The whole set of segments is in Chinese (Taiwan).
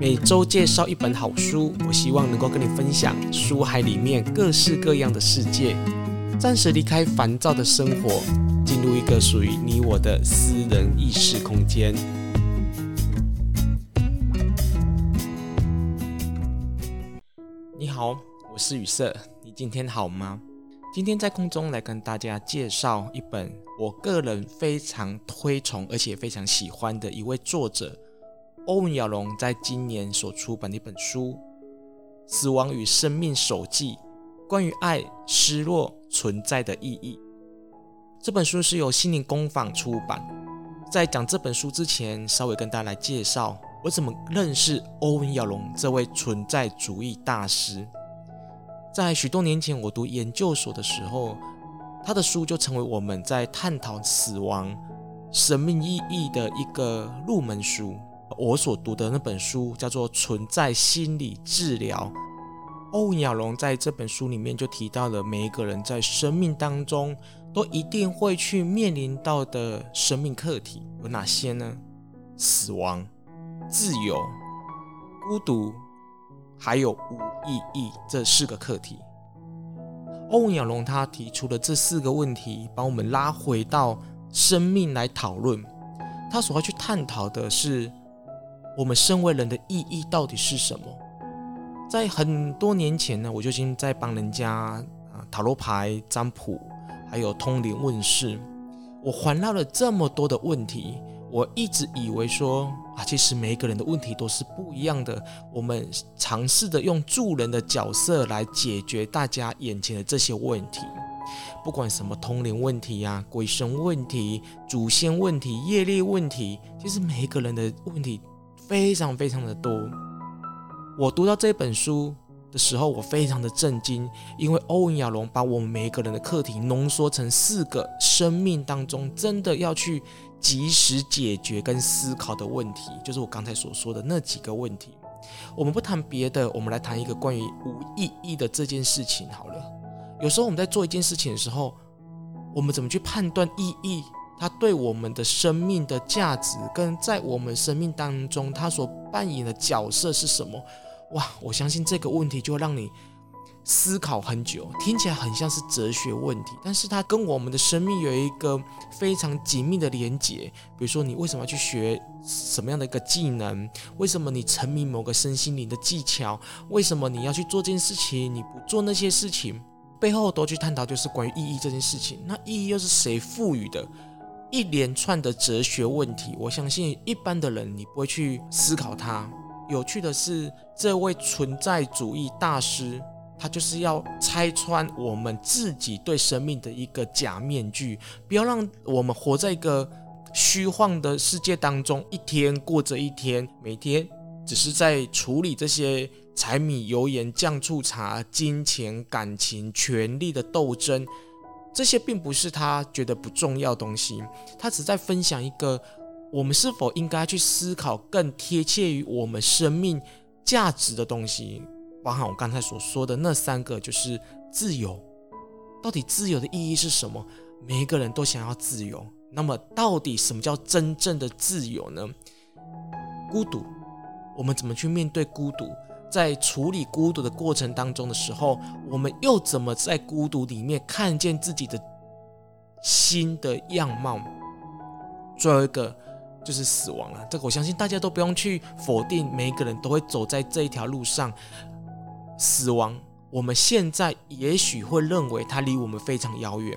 每週介紹一本好書，我希望能夠跟你分享書海裡面各式各樣的世界，暫時離開煩躁的生活，進入一個屬於你我的私人意識空間。你好，我是宇色，你今天好嗎？今天在空中來跟大家介紹一本我個人非常推崇而且非常喜歡的一位作者。歐文·亞隆在今年所出版的一本書《死亡與生命手記：關於愛、失落、存在的意義》這本書是由心靈工坊出版。在講這本書之前，稍微跟大家來介紹我怎麼認識歐文·亞隆這位存在主義大師。在許多年前，我讀研究所的時候，他的書就成為我們在探討死亡、生命意義的一個入門書。我所讀的那本書叫做《存在心理治療》，歐文·亞隆在這本書裡面就提到了，每一個人在生命當中都一定會去面臨到的生命課題有哪些呢？死亡、自由、孤獨，還有無意義，這四個課題。歐文·亞隆他提出的這四個問題，把我們拉回到生命來討論，他所要去探討的是。我們身為人的意義到底是什麼？在很多年前呢，我就已經在幫人家啊塔羅牌占卜，還有通靈問事。我環繞了這麼多的問題，我一直以為說啊，其實每個人的問題都是不一樣的。我們嘗試着用助人的角色來解決大家眼前的這些問題，不管什麼通靈問題啊、鬼神問題、祖先問題、業力問題，其實每一個人的問題。非常非常的多。我讀到這本書的時候，我非常的震驚，因為歐文亞隆把我們每一個人的課題濃縮成四個生命當中真的要去及時解決跟思考的問題，就是我剛才所說的那幾個問題。我們不談別的，我們來談一個關於無意義的這件事情好了。有時候我們在做一件事情的時候，我們怎麼去判斷意義？他對我們的生命的價值，跟在我們生命當中他所扮演的角色是什麼？哇，我相信這個問題就會讓你思考很久，聽起來很像是哲學問題，但是它跟我們的生命有一個非常緊密的連結。比如說，你為什麼要去學什麼樣的一個技能？為什麼你沉迷某個身心靈的技巧？為什麼你要去做這件事情，你不做那些事情？背後都去探討，就是關於意義這件事情。那意義又是誰賦予的？一連串的哲學問題，我相信一般的人你不會去思考它。有趣的是，這位存在主義大師，他就是要拆穿我們自己對生命的一個假面具，不要讓我們活在一個虛幻的世界當中，一天過着一天，每天只是在處理這些柴米油鹽醬醋茶、金錢、感情、權力的鬥爭。這些並不是他覺得不重要的東西，他只在分享一個，我們是否應該去思考更貼切於我們生命價值的東西，包含我剛才所說的那三個，就是自由，到底自由的意義是什麼？每一個人都想要自由，那麼到底什麼叫真正的自由呢？孤獨，我們怎麼去面對孤獨？在處理孤獨的過程當中的時候，我們又怎麼在孤獨裡面看見自己的新的樣貌？最後一個就是死亡了。這個我相信大家都不用去否定，每一個人都會走在這一條路上。死亡，我們現在也許會認為它離我們非常遙遠，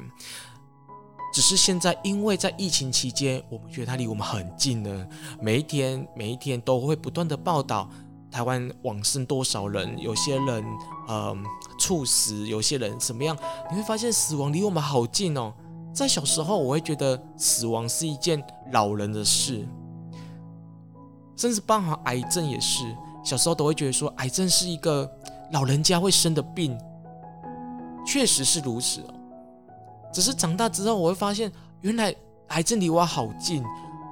只是現在因為在疫情期間，我們覺得它離我們很近了。每一天，每一天都會不斷的報道。台灣往生多少人？有些人，嗯、呃，猝死。有些人怎麼樣？你會發現死亡離我們好近哦。在小時候，我會覺得死亡是一件老人的事，甚至包含癌症也是。小時候都會覺得說，癌症是一個老人家會生的病，確實是如此哦。只是長大之後，我會發現，原來癌症離我好近。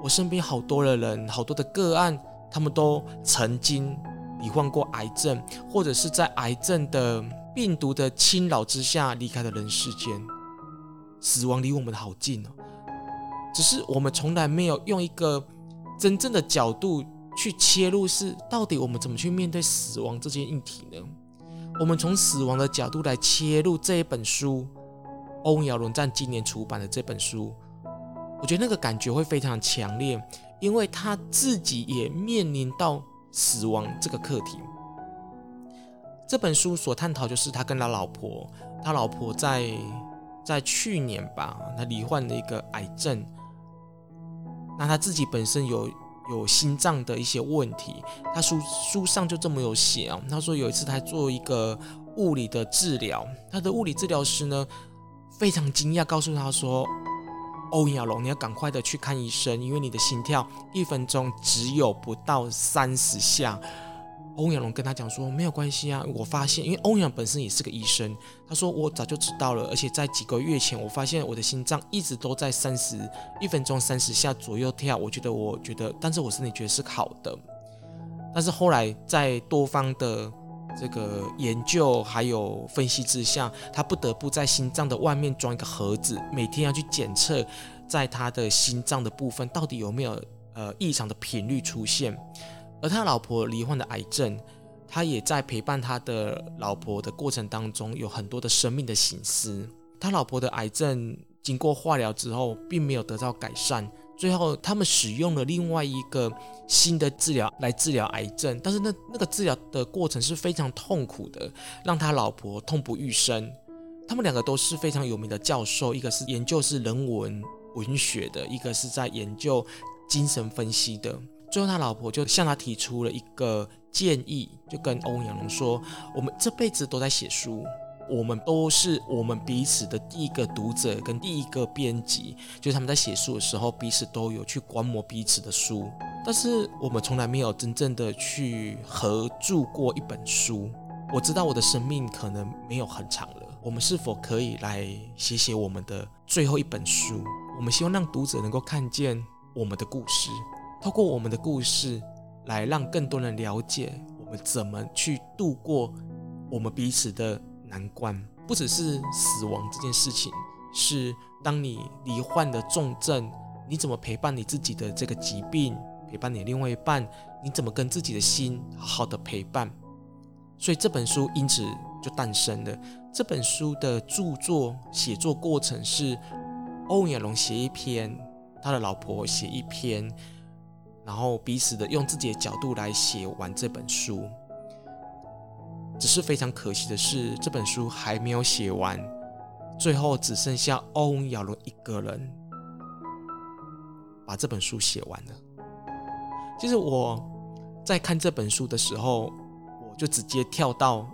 我身邊好多的人，好多的個案。.他們都曾經罹患，患過癌症，或者是在癌症的病毒的侵擾之下離開了人世間，死亡離我們好近哦，只是我們從來沒有用一個真正的角度去切入，是到底我們怎麼去面對死亡這件議題呢？我們從死亡的角度來切入這一本書，歐文‧亞隆在今年出版的這本書，我覺得那個感覺會非常強烈。因為他自己也面臨到死亡這個課題，這本書所探討就是他跟他老婆，他老婆在在去年吧，他罹患了一個癌症，那他自己本身有有心臟的一些問題，他書書上就這麼有寫啊，他說有一次他做一個物理的治療，他的物理治療師呢非常驚訝，告訴他說。歐文亞隆，你要趕快的去看醫生，因為你的心跳一分鐘只有不到三十下。歐文亞隆跟他講說：“沒有關係啊，我發現，因為歐文本身也是個醫生，他說我早就知道了，而且在幾個月前，我發現我的心臟一直都在三十，一分鐘三十下左右跳。我覺得，我覺得，但是我身體覺得是好的，但是後來在多方的。”這個研究還有分析之下，他不得不在心臟的外面裝一個盒子，每天要去檢測，在他的心臟的部分到底有沒有呃異常的頻率出現。而他老婆罹患的癌症，他也在陪伴他的老婆的過程當中，有很多的生命的省思。他老婆的癌症經過化療之後，並沒有得到改善。最後，他們使用了另外一個新的治療來治療癌症，但是那那個治療的過程是非常痛苦的，讓他老婆痛不欲生。他們兩個都是非常有名的教授，一個是研究是人文文學的，一個是在研究精神分析的。最後，他老婆就向他提出了一個建議，就跟歐文亞隆說：“我們這輩子都在寫書。”我們都是我們彼此的第一個讀者跟第一個編輯，就是他們在寫書的時候，彼此都有去觀摩彼此的書，但是我們從來沒有真正的去合著過一本書。我知道我的生命可能沒有很長了，我們是否可以來寫寫我們的最後一本書？我們希望讓讀者能夠看見我們的故事，透過我們的故事來讓更多人了解我們怎麼去度過我們彼此的。難關不只是死亡這件事情，是當你罹患的重症，你怎麼陪伴你自己的這個疾病？陪伴你另外一半，你怎麼跟自己的心好好的陪伴？所以這本書因此就誕生了。這本書的著作、寫作過程是歐亞龍寫一篇，他的老婆寫一篇，然後彼此的用自己的角度來寫完這本書。只是非常可惜的是，這本書還沒有寫完，最後只剩下歐文·亞隆一個人把這本書寫完了。其實我在看這本書的時候，我就直接跳到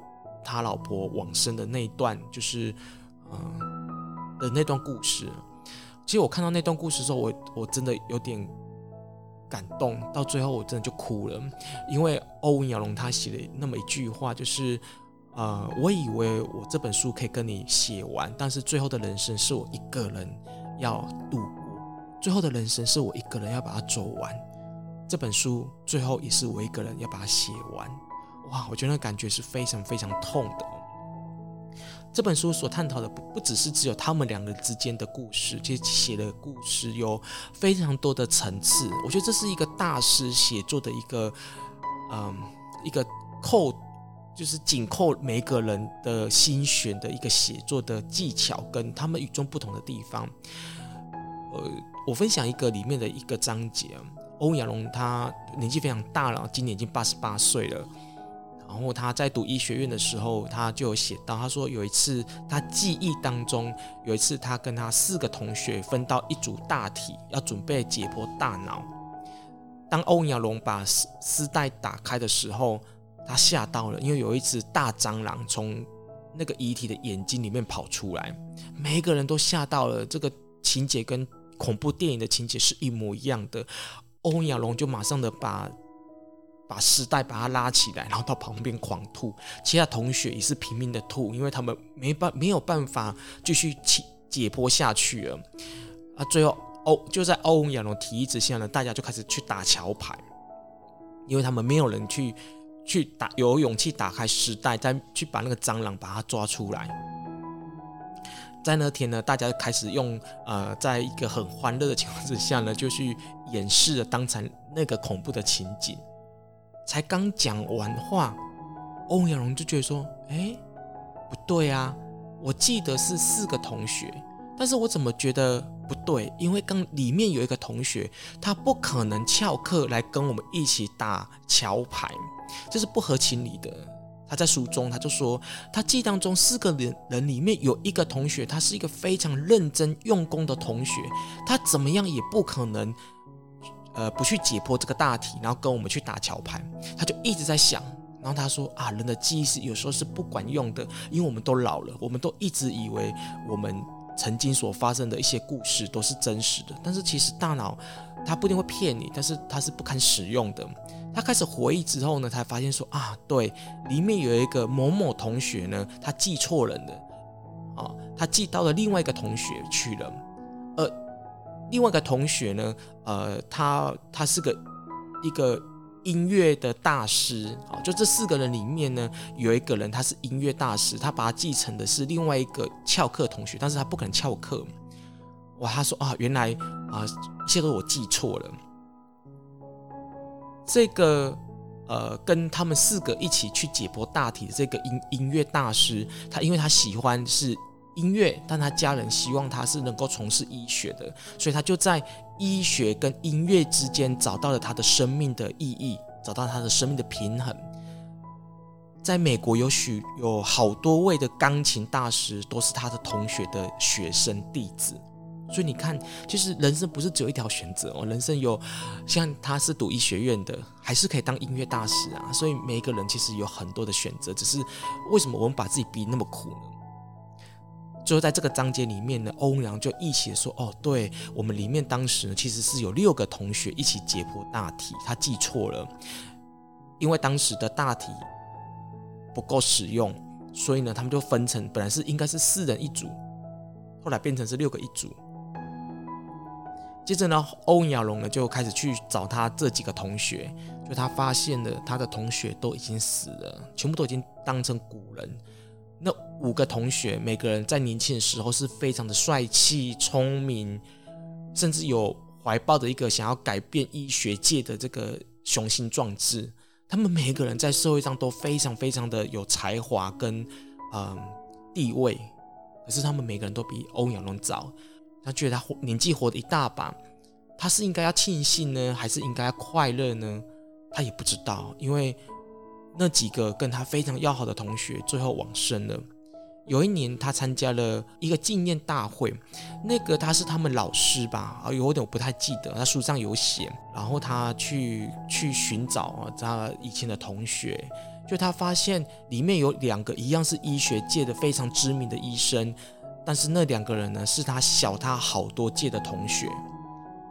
他老婆往生的那一段，就是嗯的那段故事。其實我看到那段故事之後，我我真的有點。感動到最後，我真的就哭了，因為歐文·亞隆他寫的那麼一句話，就是，呃，我以為我這本書可以跟你寫完，但是最後的人生是我一個人要度過，最後的人生是我一個人要把它走完，這本書最後也是我一個人要把它寫完，哇，我覺得那感覺是非常非常痛的。這本書所探討的不不只是只有他們兩個人之間的故事，其實寫的故事有非常多的層次。我覺得這是一個大師寫作的一個，嗯、呃，一個扣，就是緊扣每個人的心弦的一個寫作的技巧，跟他們與眾不同的地方。呃，我分享一個裡面的一個章節，歐文‧亞隆他年紀非常大了，今年已經八十八歲了。然後他在讀醫學院的時候，他就有寫到，他說有一次他記憶當中有一次他跟他四個同學分到一組大體，要準備解剖大腦。當歐亞隆把絲絲帶打開的時候，他嚇到了，因為有一隻大蟑螂從那個遺體的眼睛裡面跑出來，每一個人都嚇到了。這個情節跟恐怖電影的情節是一模一樣的。歐亞隆就馬上的把。把屍袋把它拉起來，然後到旁邊狂吐。其他同學也是拼命的吐，因為他們沒辦沒有辦法繼續解解剖下去了。啊，最後歐就在歐文‧亞隆提議之下呢，大家就開始去打橋牌，因為他們沒有人去去打有勇氣打開屍袋，再去把那個蟑螂把它抓出來。在那天呢，大家開始用呃，在一個很歡樂的情況之下呢，就去掩飾了當場那個恐怖的情景。才剛講完話，歐文亞隆就覺得說：“哎，不對啊！我記得是四個同學，但是我怎麼覺得不對？因為剛裡面有一個同學，他不可能翹課來跟我們一起打橋牌，這是不合情理的。”他在書中他就說，他記憶當中四個人人裡面有一個同學，他是一個非常認真用功的同學，他怎麼樣也不可能。呃，不去解剖這個大體，然後跟我們去打橋牌，他就一直在想。然後他說啊，人的記憶是有時候是不管用的，因為我們都老了，我們都一直以為我們曾經所發生的一些故事都是真實的，但是其實大腦它不一定會騙你，但是它是不堪使用的。他開始回憶之後呢，才發現說啊，對，裡面有一個某某同學呢，他記錯人了啊，他記到了另外一個同學去了，呃。另外一個同學呢，呃，他他是個一個音樂的大師，啊，就這四個人裡面呢，有一個人他是音樂大師，他把他繼承的是另外一個翹課同學，但是他不可能翹課嘛。哇，他說啊，原來啊，這個都我記錯了。這個呃，跟他們四個一起去解剖大體的這個音音樂大師，他因為他喜歡是音樂，但他家人希望他是能夠從事醫學的，所以他就在醫學跟音樂之間找到了他的生命的意義，找到他的生命的平衡。在美國有許有好多位的鋼琴大師都是他的同學的學生弟子，所以你看，其實人生不是只有一條選擇哦，人生有像他是讀醫學院的，還是可以當音樂大師啊，所以每一個人其實有很多的選擇，只是為什麼我們把自己逼那麼苦呢？最後，在這個章節裡面呢，歐亞隆就一起說：“哦，對我們裡面當時呢，其實是有六個同學一起解剖大體，他記錯了，因為當時的大體不夠使用，所以呢，他們就分成本來是應該是四人一組，後來變成是六個一組。接着呢，歐亞隆呢就開始去找他這幾個同學，就他發現了他的同學都已經死了，全部都已經當成古人。”那五個同學，每個人在年輕的時候是非常的帥氣、聰明，甚至有懷抱着一個想要改變醫學界的這個雄心壯志。他們每個人在社會上都非常非常的有才華跟嗯、呃、地位，可是他們每個人都比歐文亞隆早。他覺得他年紀活的一大把，他是應該要慶幸呢，還是應該要快樂呢？他也不知道，因為。那幾個跟他非常要好的同學最後往生了。有一年，他參加了一個紀念大會，那個他是他們老師吧，啊，有點我不太記得，他書上有寫。然後他去去尋找他以前的同學，就他發現裡面有兩個一樣是醫學界的非常知名的醫生，但是那兩個人呢，是他小他好多屆的同學。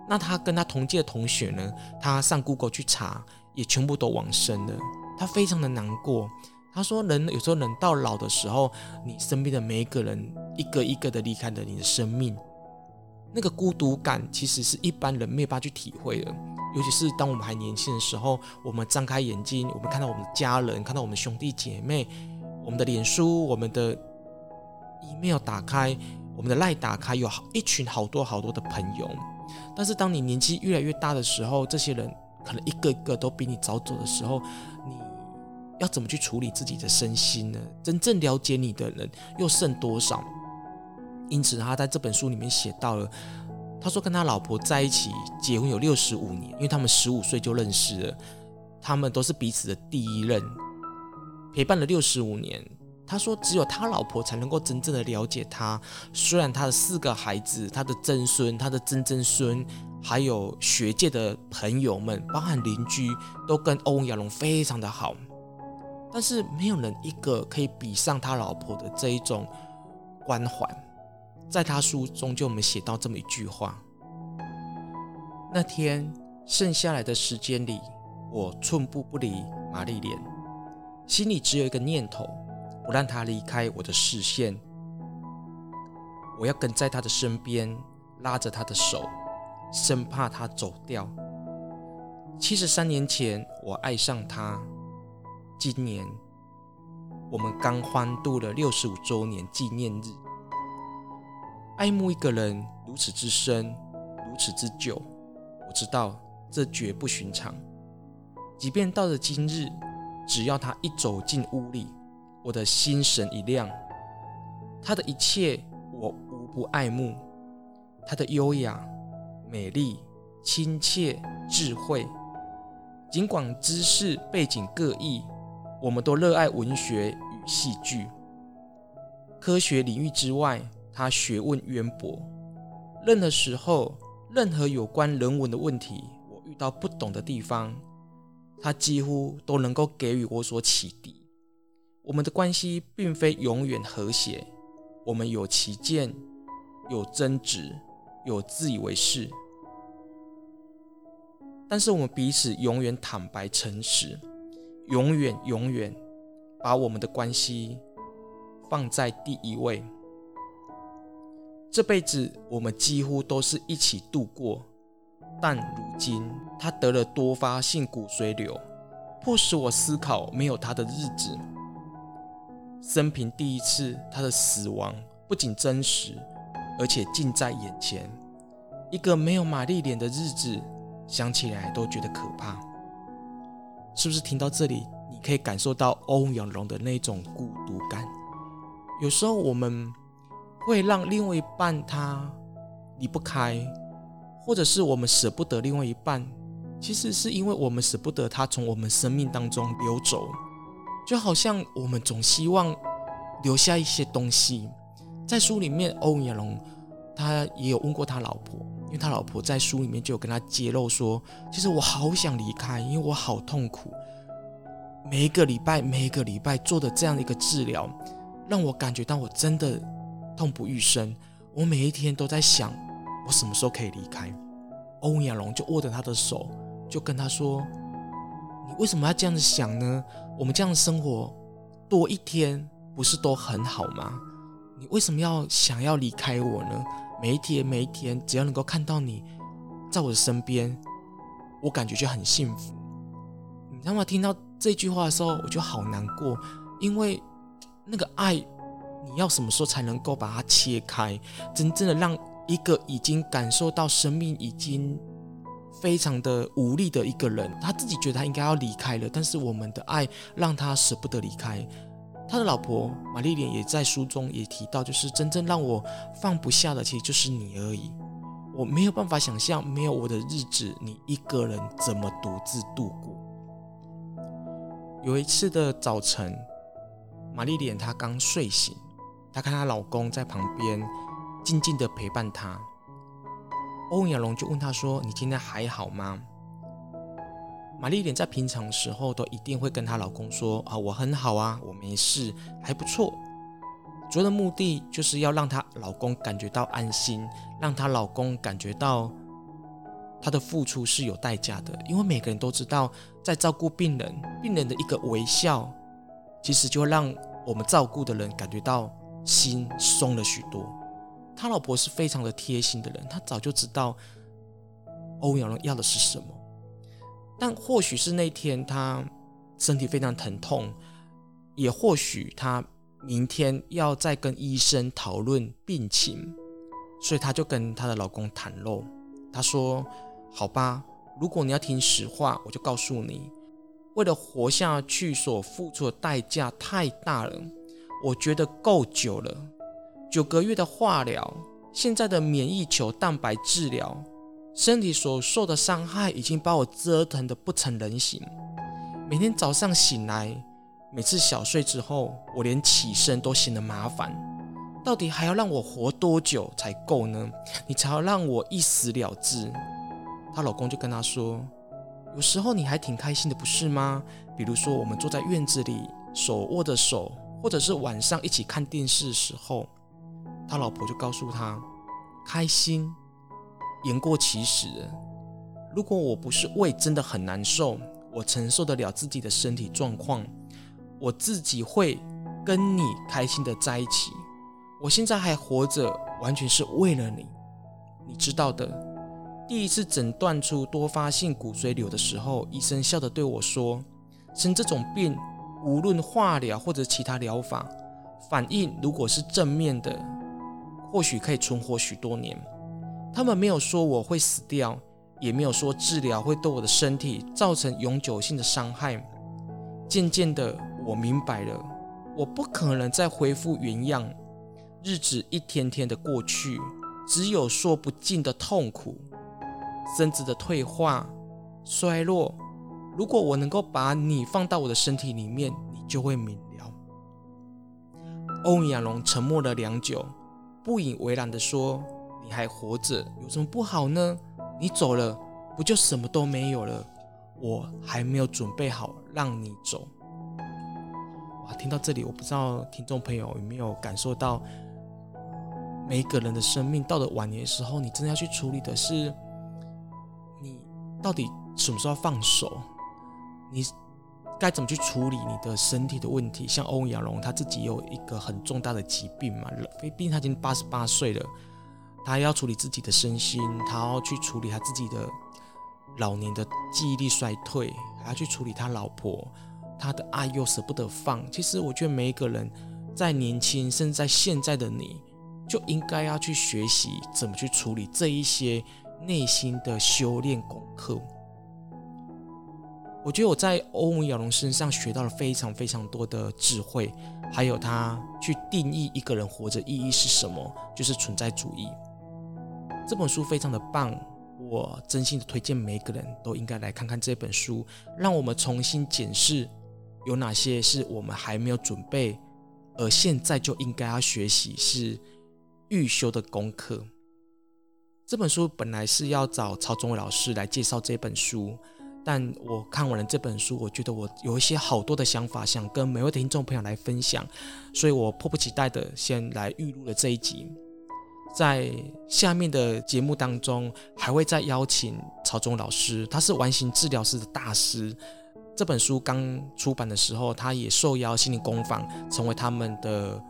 那他跟他同屆的同學呢，他上 Google 去查，也全部都往生了。他非常的難過。他說人，：“人有時候，人到老的時候，你身邊的每一個人，一個一個的離開了你的生命，那個孤獨感，其實是一般人沒辦法去體會的。尤其是當我們還年輕的時候，我們張開眼睛，我們看到我們的家人，看到我們兄弟姐妹，我們的臉書，我們的 email 打開，我們的賴打開，有一群好多好多的朋友。但是當你年紀越來越大的時候，這些人可能一個一個都比你早走的時候，你。”要怎麼去處理自己的身心呢？真正了解你的人又剩多少？因此，他在這本書裡面寫到了，他說跟他老婆在一起結婚有六十五年，因為他們十五歲就認識了，他們都是彼此的第一任，陪伴了六十五年。他說，只有他老婆才能夠真正的了解他。雖然他的四個孩子、他的曾孫、他的曾曾孫，還有學界的朋友們，包含鄰居，都跟歐文亞隆非常的好。但是沒有人一個可以比上他老婆的這一種關懷，在他書中就沒寫到這麼一句話：那天剩下來的時間裡，我寸步不離瑪麗蓮，心裡只有一個念頭，不讓她離開我的視線，我要跟在她的身邊，拉着她的手，生怕她走掉。七十三年前，我愛上她。今年我們剛歡度了六十五周年紀念日。愛慕一個人如此之深，如此之久，我知道這絕不尋常。即便到了今日，只要他一走進屋裡，我的心神一亮。他的一切我無不愛慕：他的優雅、美麗、親切、智慧。盡管知識背景各異。我們都熱愛文學與戲劇，科學領域之外，他學問淵博。任何時候，任何有關人文的問題，我遇到不懂的地方，他幾乎都能夠給予我所啟迪。我們的關係並非永遠和諧，我們有歧見，有爭執，有自以為是。但是我們彼此永遠坦白誠實。永遠永遠把我們的關係放在第一位。這輩子我們幾乎都是一起度過，但如今他得了多發性骨髓瘤，迫使我思考沒有他的日子。生平第一次，他的死亡不僅真實，而且近在眼前。一個沒有瑪莉蓮的日子，想起來都覺得可怕。是不是聽到這裡，你可以感受到歐文亞隆的那種孤獨感？有時候我們會讓另外一半他離不開，或者是我們捨不得另外一半，其實是因為我們捨不得他從我們生命當中溜走。就好像我們總希望留下一些東西。在書裡面，歐文亞隆他也有問過他老婆。因為他老婆在書裡面就有跟他揭露說，其實我好想離開，因為我好痛苦。每一個禮拜，每一個禮拜做的這樣的一個治療，讓我感覺到我真的痛不欲生。我每一天都在想，我什麼時候可以離開？歐文亞隆就握着他的手，就跟他說：“你為什麼要這樣子想呢？我們這樣的生活多一天不是都很好嗎？你為什麼要想要離開我呢？”每一天，每一天，只要能夠看到你在我的身邊，我感覺就很幸福。你知道嗎？聽到這句話的時候，我就好難過，因為那個愛，你要什麼時候才能夠把它切開？真正的讓一個已經感受到生命已經非常的無力的一個人，他自己覺得他應該要離開了，但是我們的愛讓他舍不得離開。他的老婆瑪麗蓮也在書中也提到，就是真正讓我放不下的，其實就是你而已。我沒有辦法想象沒有我的日子，你一個人怎麼獨自度過？有一次的早晨，瑪麗蓮她剛睡醒，她看她老公在旁邊靜靜的陪伴她。歐文亞隆就問她說：“你今天還好嗎？”瑪麗蓮在平常的時候都一定會跟她老公說：“啊，我很好啊，我沒事，還不錯。”主要的目的就是要讓她老公感覺到安心，讓她老公感覺到她的付出是有代價的。因為每個人都知道，在照顧病人，病人的一個微笑，其實就會讓我們照顧的人感覺到心鬆了許多。她老婆是非常的貼心的人，她早就知道歐文亞隆要的是什麼。但或許是那天她身體非常疼痛，也或許她明天要再跟醫生討論病情，所以她就跟她的老公袒露，她說：“好吧，如果你要聽實話，我就告訴你，為了活下去所付出的代價太大了，我覺得夠久了，九個月的化療，現在的免疫球蛋白治療。”身體所受的傷害已經把我折騰得不成人形。每天早上醒來，每次小睡之後，我連起身都嫌得麻煩。到底還要讓我活多久才夠呢？你才要讓我一死了之？她老公就跟她說：“有時候你還挺開心的，不是嗎？比如說我們坐在院子裡手握着手，或者是晚上一起看電視的時候。”他老婆就告訴他：“開心。”言過其實。如果我不是胃真的很難受，我承受得了自己的身體狀況，我自己會跟你開心的在一起。我現在還活着，完全是為了你，你知道的。第一次診斷出多發性骨髓瘤的時候，醫生笑着對我說：“生這種病，無論化療或者其他療法，反應如果是正面的，或許可以存活許多年。”他們沒有說我會死掉，也沒有說治療會對我的身體造成永久性的傷害。漸漸的，我明白了，我不可能再恢復原樣。日子一天天的過去，只有說不盡的痛苦，身子的退化、衰弱。如果我能夠把你放到我的身體裡面，你就會明了。歐文‧亞隆沉默了良久，不以為然的說。你還活着有什麼不好呢？你走了不就什麼都沒有了？我還沒有準備好讓你走。哇！聽到這裡，我不知道聽眾朋友有沒有感受到，每一個人的生命到了晚年的時候，你真的要去處理的是，你到底什麼時候放手？你該怎麼去處理你的身體的問題？像歐文亞隆他自己有一個很重大的疾病嘛，因為畢竟他已經八十八歲了。他要處理自己的身心，他要去處理他自己的老年的記憶力衰退，還要去處理他老婆，他的愛又捨不得放。其實，我覺得每一個人在年輕，甚至在現在的你，就應該要去學習怎麼去處理這一些內心的修煉功課。我覺得我在歐文亞隆身上學到了非常非常多的智慧，還有他去定義一個人活着意義是什麼，就是存在主義。這本書非常的棒，我真心的推薦每一個人都應該來看看這本書，讓我們重新檢視有哪些是我們還沒有準備，而現在就應該要學習是預修的功課。這本書本來是要找曹宗偉老師來介紹這本書，但我看完了這本書，我覺得我有一些好多的想法想跟每位聽眾朋友來分享，所以我迫不及待的先來預錄了這一集。在下面的節目當中，還會再邀請曹忠老師，他是完形治療師的大師。這本書剛出版的時候，他也受邀心靈工坊成為他們的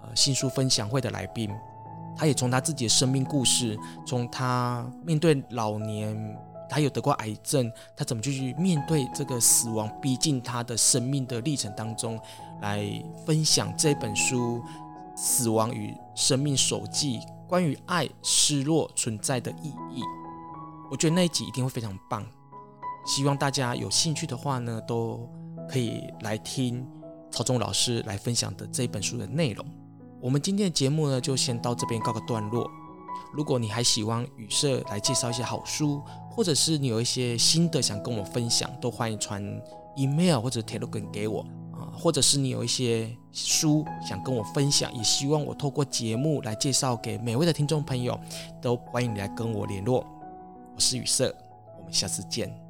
呃新書分享會的來賓。他也從他自己的生命故事，從他面對老年，他有得過癌症，他怎麼去面對這個死亡逼近他的生命的歷程當中，來分享這本書《死亡與生命手記》。關於愛、失落、存在的意義，我覺得那一集一定會非常棒。希望大家有興趣的話呢，都可以來聽曹仲老師來分享的這本書的內容。我們今天的節目呢，就先到這邊告個段落。如果你還喜歡宇色來介紹一些好書，或者是你有一些心得想跟我分享，都歡迎傳 email 或者 telegram 給我。啊，或者是你有一些書想跟我分享，也希望我透過節目來介紹給每位的聽眾朋友，都歡迎你來跟我聯絡。我是宇色，我們下次見。